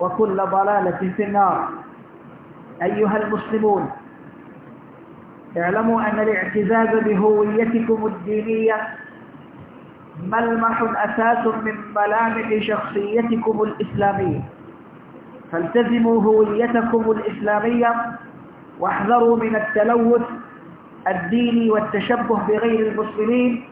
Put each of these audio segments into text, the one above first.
وكل ضلالة في النار أيها المسلمون اعلموا أن الاعتزاز بهويتكم الدينية ملمح أساس من ملامح شخصيتكم الإسلامية فالتزموا هويتكم الإسلامية واحذروا من التلوث الديني والتشبه بغير المسلمين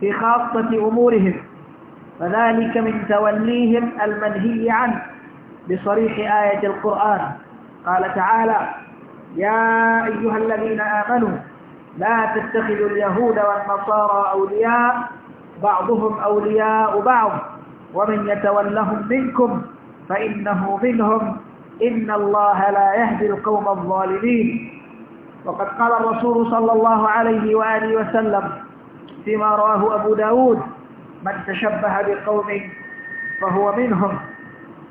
في خاصة أمورهم فذلك من توليهم المنهي عنه بصريح آية القرآن قال تعالى يا أيها الذين آمنوا لا تتخذوا اليهود والنصارى أولياء بعضهم أولياء بعض ومن يتولهم منكم فإنه منهم إن الله لا يهدي القوم الظالمين وقد قال الرسول صلى الله عليه وآله وسلم فيما رواه أبو داود من تشبه بقوم فهو منهم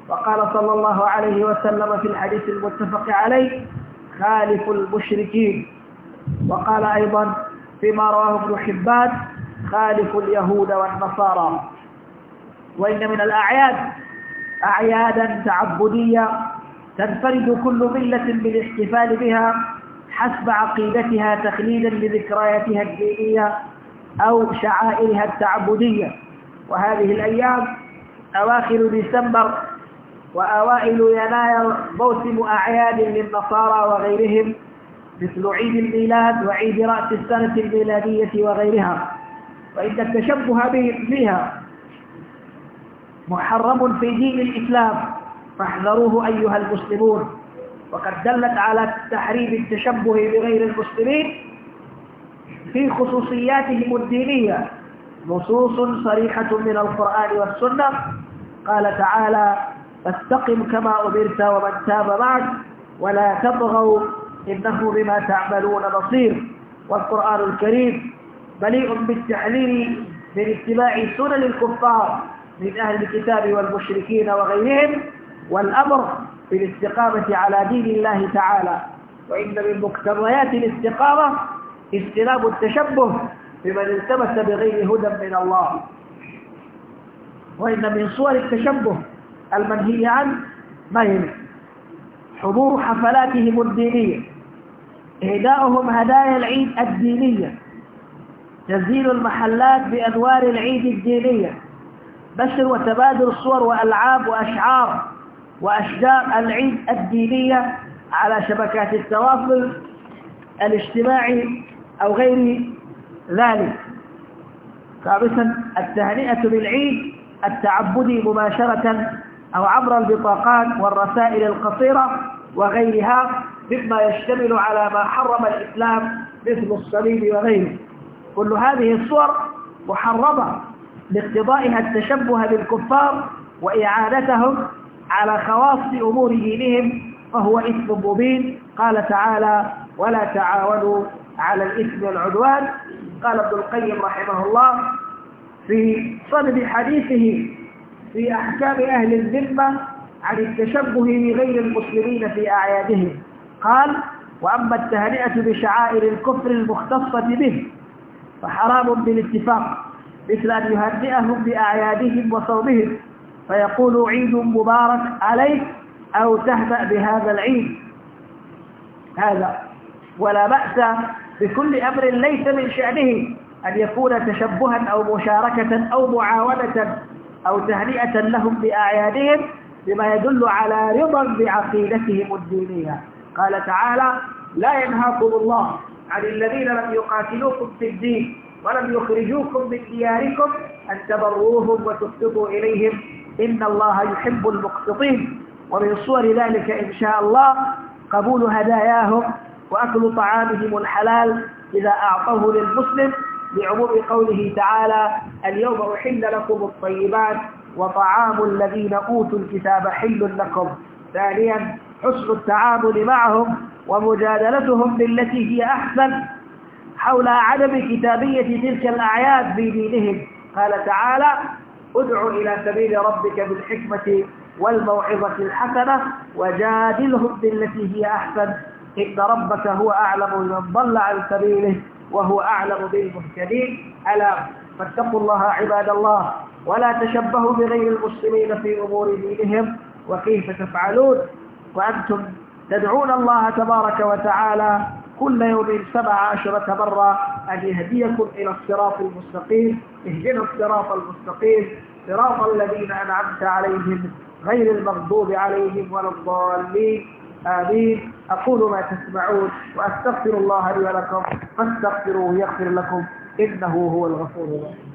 وقال صلى الله عليه وسلم في الحديث المتفق عليه خالف المشركين وقال أيضا فيما رواه ابن حبان خالف اليهود والنصارى وإن من الأعياد أعيادا تعبدية تنفرد كل ملة بالاحتفال بها حسب عقيدتها تخليدا لذكرياتها الدينية أو شعائرها التعبدية وهذه الأيام أواخر ديسمبر وأوائل يناير موسم أعياد للنصارى وغيرهم مثل عيد الميلاد وعيد رأس السنة الميلادية وغيرها وإن التشبه بهم بها محرم في دين الإسلام فاحذروه أيها المسلمون وقد دلت على تحريم التشبه بغير المسلمين في خصوصياتهم الدينية نصوص صريحة من القرآن والسنة قال تعالى فاستقم كما أمرت ومن تاب معك ولا تبغوا إنه بما تعملون بصير والقرآن الكريم مليء بالتحذير من اتباع سنن الكفار من أهل الكتاب والمشركين وغيرهم والأمر بالاستقامة على دين الله تعالى وإن من مقتضيات الاستقامة اجتناب التشبه بمن التمس بغير هدى من الله وإن من صور التشبه المنهي عن مهنه حضور حفلاتهم الدينية إهداؤهم هدايا العيد الدينية تزيل المحلات بأدوار العيد الدينية بشر وتبادل صور وألعاب وأشعار وأشجار العيد الدينية على شبكات التواصل الاجتماعي أو غير ذلك خامسا التهنئة بالعيد التعبدي مباشرة أو عبر البطاقات والرسائل القصيرة وغيرها مما يشتمل على ما حرم الإسلام مثل الصليب وغيره كل هذه الصور محرمة لاقتضائها التشبه بالكفار وإعانتهم على خواص أمور دينهم فهو إثم مبين قال تعالى ولا تعاونوا على الإثم والعدوان قال ابن القيم رحمه الله في صدد حديثه في أحكام أهل الذمة عن التشبه بغير المسلمين في أعيادهم قال وأما التهنئة بشعائر الكفر المختصة به فحرام بالاتفاق مثل أن يهنئهم بأعيادهم وصومهم فيقول عيد مبارك عليك أو تهدأ بهذا العيد هذا ولا بأس بكل أمر ليس من شأنه أن يكون تشبها أو مشاركة أو معاونة أو تهنئة لهم بأعيادهم بما يدل على رضا بعقيدتهم الدينية قال تعالى لا ينهاكم الله عن الذين لم يقاتلوكم في الدين ولم يخرجوكم من دياركم أن تبروهم وتقسطوا إليهم إن الله يحب المقسطين ومن صور ذلك إن شاء الله قبول هداياهم وأكل طعامهم الحلال إذا أعطوه للمسلم لعموم قوله تعالى اليوم أحل لكم الطيبات وطعام الذين أوتوا الكتاب حل لكم ثانيا حسن التعامل معهم ومجادلتهم بالتي هي أحسن حول عدم كتابية تلك الأعياد في دينهم قال تعالى ادع إلى سبيل ربك بالحكمة والموعظة الحسنة وجادلهم بالتي هي أحسن إن ربك هو أعلم من ضل عن سبيله وهو أعلم بالمهتدين ألا فاتقوا الله عباد الله ولا تشبهوا بغير المسلمين في أمور دينهم وكيف تفعلون وأنتم تدعون الله تبارك وتعالى كل يوم سبع عشرة مرة أن يهديكم إلى الصراط المستقيم اهدنا الصراط المستقيم صراط الذين أنعمت عليهم غير المغضوب عليهم ولا الضالين آمين أقول ما تسمعون وأستغفر الله لي ولكم فاستغفروه يغفر لكم إنه هو الغفور الرحيم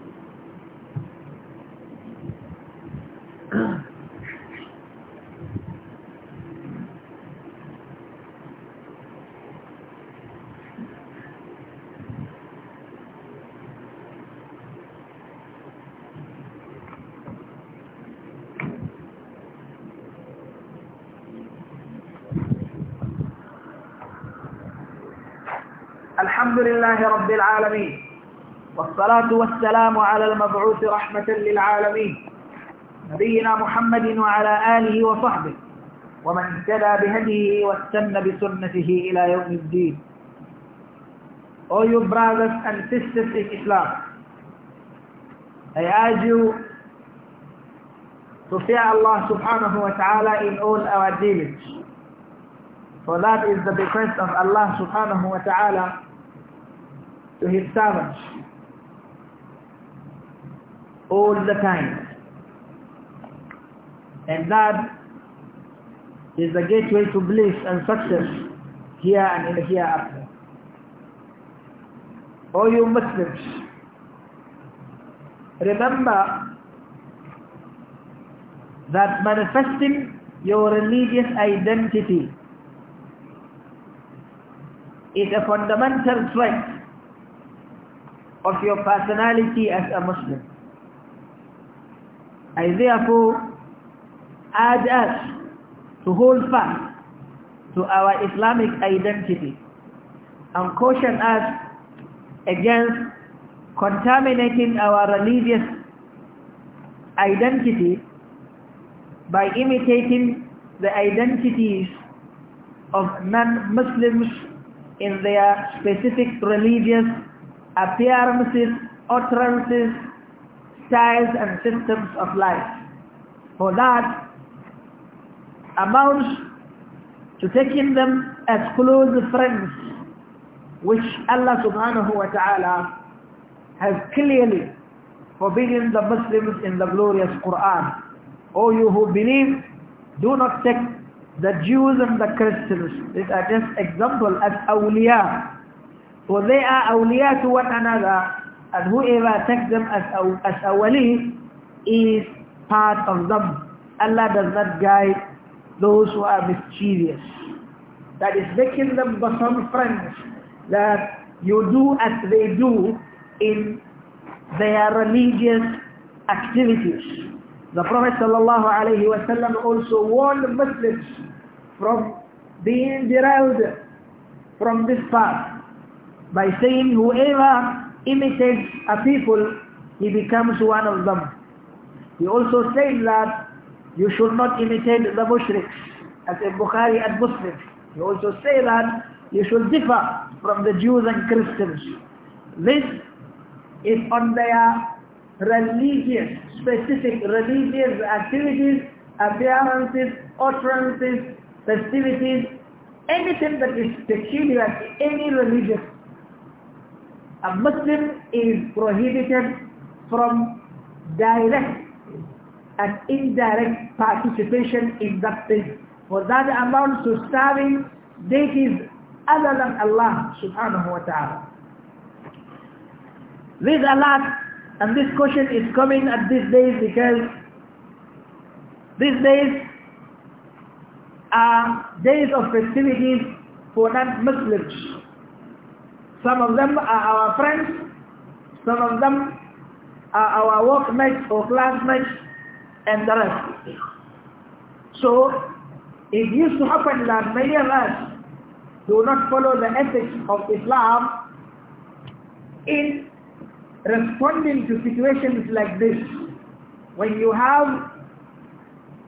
لله رب العالمين والصلاة والسلام على المبعوث رحمة للعالمين نبينا محمد وعلى آله وصحبه ومن اهتدى بهديه واستنى بسنته إلى يوم الدين All you brothers and sisters in Islam I urge you to fear Allah subhanahu wa ta'ala in all our dealings for that is the bequest of Allah subhanahu wa ta'ala to his servants, all the time. And that is the gateway to bliss and success here and in the hereafter. O you Muslims, remember that manifesting your religious identity is a fundamental strength of your personality as a Muslim. I therefore urge us to hold fast to our Islamic identity and caution us against contaminating our religious identity by imitating the identities of non-Muslims in their specific religious appearances, utterances, styles and systems of life. For that amounts to taking them as close friends which Allah subhanahu wa ta'ala has clearly forbidden the Muslims in the glorious Quran. O you who believe, do not take the Jews and the Christians. These are just example as awliya so they are awliya to one another and whoever takes them as, as a is part of them. Allah does not guide those who are mischievous. That is making them become friends that you do as they do in their religious activities. The Prophet ﷺ also warned Muslims from being derailed from this path by saying whoever imitates a people, he becomes one of them. He also said that you should not imitate the mushriks, as in Bukhari and Muslim. He also say that you should differ from the Jews and Christians. This is on their religious, specific religious activities, appearances, utterances, festivities, anything that is peculiar to any religious a Muslim is prohibited from direct and indirect participation in that thing. For that amounts to serving deities other than Allah subhanahu wa ta'ala. This Allah and this question is coming at these days because these days are days of festivities for non-Muslims. Some of them are our friends. Some of them are our workmates or classmates and the rest. So it used to happen that many of us do not follow the ethics of Islam in responding to situations like this. When you have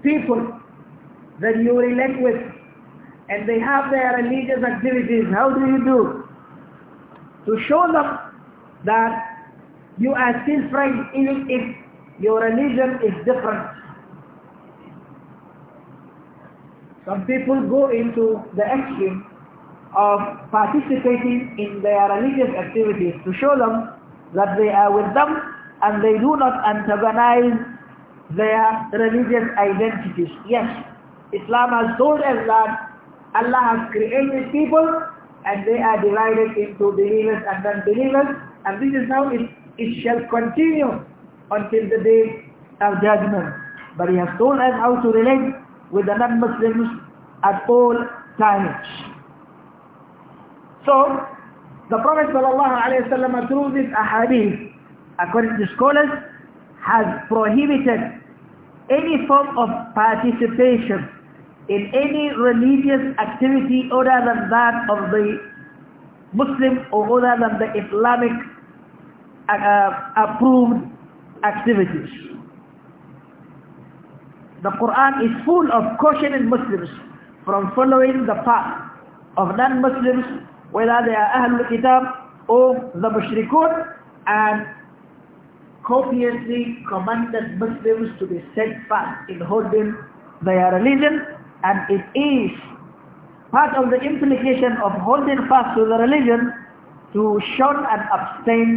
people that you relate with and they have their religious activities, how do you do? to show them that you are still friends even if your religion is different. Some people go into the extreme of participating in their religious activities to show them that they are with them and they do not antagonize their religious identities. Yes, Islam has told us that Allah has created people and they are divided into believers and unbelievers and this is how it, it shall continue until the day of judgment. But he has told us how to relate with the non-Muslims at all times. So, the Prophet ﷺ through this ahadith, according to scholars, has prohibited any form of participation in any religious activity other than that of the Muslim or other than the Islamic uh, approved activities. The Quran is full of cautioning Muslims from following the path of non-Muslims, whether they are Ahlul Kitab or the Mushrikun, and copiously commanded Muslims to be steadfast in holding their religion and it is part of the implication of holding fast to the religion to shun and abstain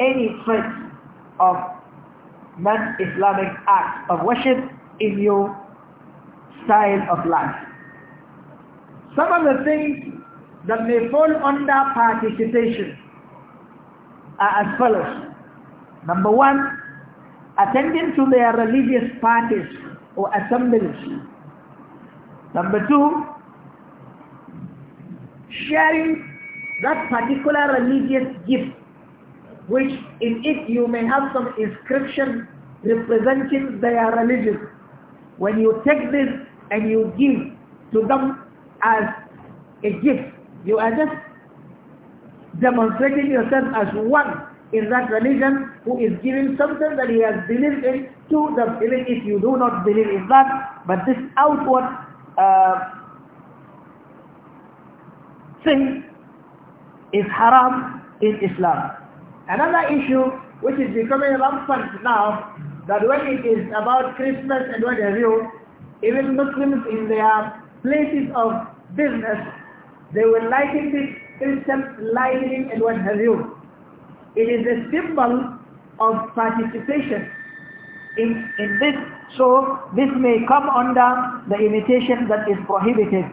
any threat of non-Islamic acts of worship in your style of life. Some of the things that may fall under participation are as follows. Number one, attending to their religious parties or assemblies Number two, sharing that particular religious gift which in it you may have some inscription representing their religion. When you take this and you give to them as a gift, you are just demonstrating yourself as one in that religion who is giving something that he has believed in to the belief if you do not believe in that. But this outward uh, thing is haram in Islam. Another issue which is becoming rampant now that when it is about Christmas and what have you, even Muslims in their places of business, they will liken this Christian lighting and what have you. It is a symbol of participation in, in this. So this may come under the imitation that is prohibited.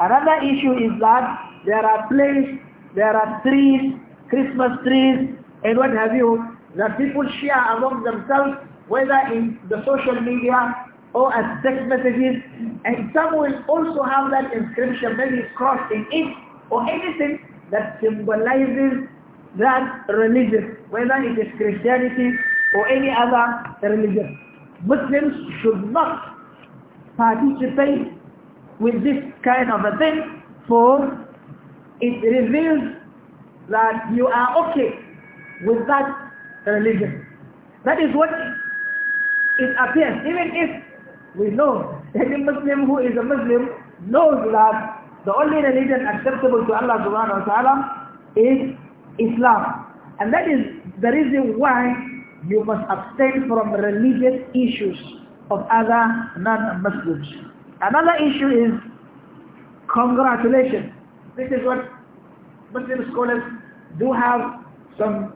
Another issue is that there are places, there are trees, Christmas trees, and what have you, that people share among themselves, whether in the social media or as text messages, and some will also have that inscription, maybe crossed in it, or anything that symbolizes that religion, whether it is Christianity or any other religion. Muslims should not participate with this kind of a thing for it reveals that you are okay with that religion. That is what it appears. Even if we know any Muslim who is a Muslim knows that the only religion acceptable to Allah subhanahu wa ta'ala is Islam. And that is the reason why you must abstain from religious issues of other non-Muslims. Another issue is congratulation. This is what Muslim scholars do have some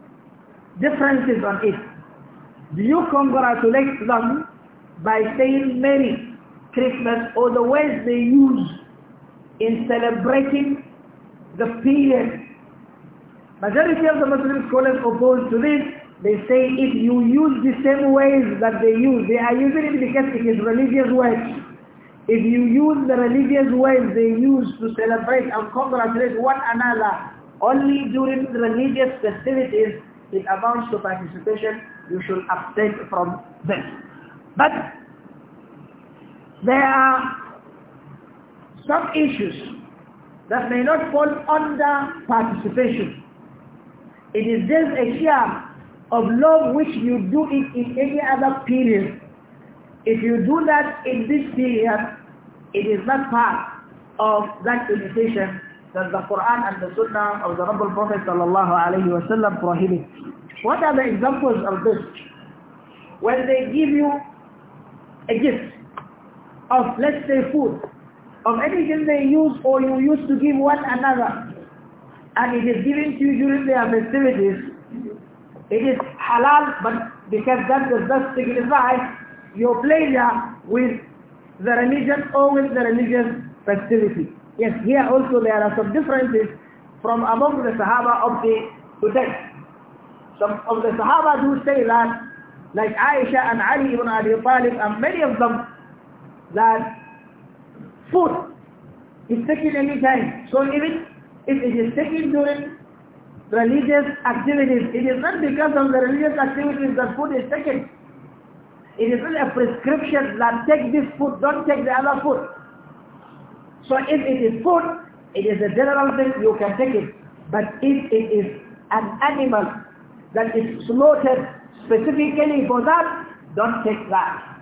differences on it. Do you congratulate them by saying Merry Christmas or the ways they use in celebrating the period? Majority of the Muslim scholars oppose to this they say if you use the same ways that they use, they are using it because it is religious ways. If you use the religious ways they use to celebrate and congratulate one another only during religious festivities, it amounts to participation. You should abstain from them. But there are some issues that may not fall under participation. It is just a sham of love which you do it in any other period. If you do that in this period, it is not part of that imitation that the Quran and the Sunnah of the Noble Prophet sallallahu alaihi wasallam prohibit. What are the examples of this? When they give you a gift of, let's say, food, of anything they use or you used to give one another, and it is given to you during their festivities, it is halal, but because that does not signify your pleasure with the religion or with the religious festivity. Yes, here also there are some differences from among the Sahaba of the today. Some of the Sahaba do say that, like Aisha and Ali ibn Abi Talib and many of them, that food is taken any time. So even if it is taken during religious activities. It is not because of the religious activities that food is taken. It is not a prescription that take this food, don't take the other food. So if it is food, it is a general thing, you can take it. But if it is an animal that is slaughtered specifically for that, don't take that.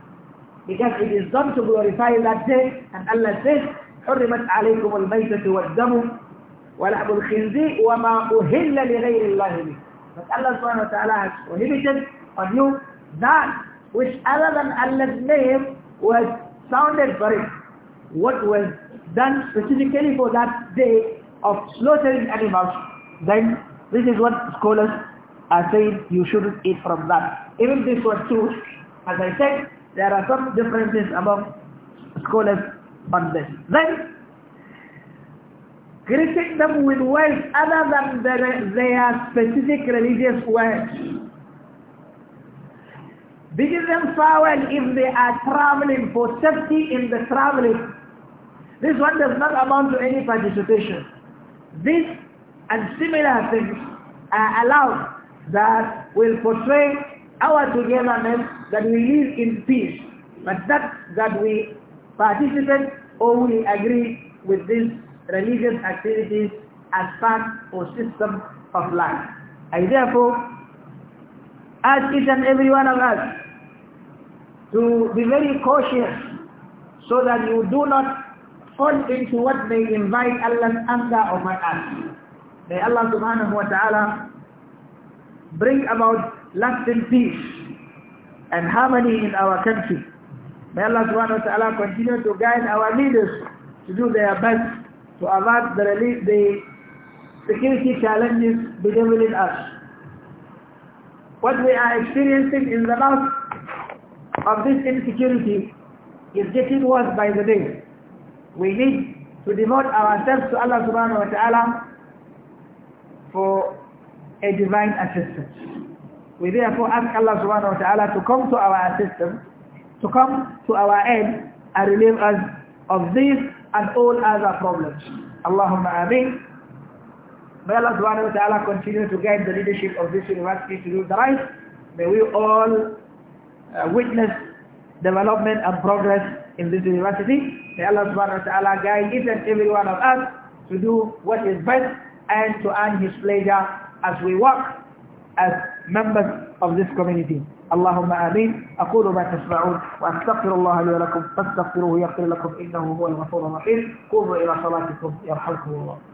Because it is done to glorify that day, and Allah says, حرمت عليكم الميتة والدم ولحم الخنزير وما أهل لغير الله به But Allah has prohibited on you that which other than Allah's name was sounded for it. What was done specifically for that day of slaughtering animals, then this is what scholars are saying you shouldn't eat from that. Even this was true. As I said, there are some differences among scholars on this. Then greeting them with words other than their specific religious words. giving them farewell if they are traveling for safety in the traveling. This one does not amount to any participation. This and similar things are allowed that will portray our togetherness that we live in peace, but not that we participate or we agree with this religious activities as part or system of life. I therefore ask each and every one of us to be very cautious so that you do not fall into what may invite Allah's anger my ask. May Allah subhanahu wa ta'ala bring about lasting peace and harmony in our country. May Allah subhanahu wa ta'ala continue to guide our leaders to do their best to avoid the, relief, the security challenges befalling us. What we are experiencing in the mouth of this insecurity is getting worse by the day. We need to devote ourselves to Allah subhanahu wa ta'ala for a divine assistance. We therefore ask Allah subhanahu wa ta'ala to come to our assistance, to come to our aid and relieve us of these and all other problems. Allahumma ameen. May Allah subhanahu wa ta'ala continue to guide the leadership of this university to do the right. May we all uh, witness development and progress in this university. May Allah subhanahu wa ta'ala guide each and every one of us to do what is best and to earn His pleasure as we work as members of this community. اللهم آمين أقول ما تسمعون وأستغفر الله لي ولكم فاستغفروه يغفر لكم إنه هو الغفور الرحيم قوموا إلى صلاتكم يرحمكم الله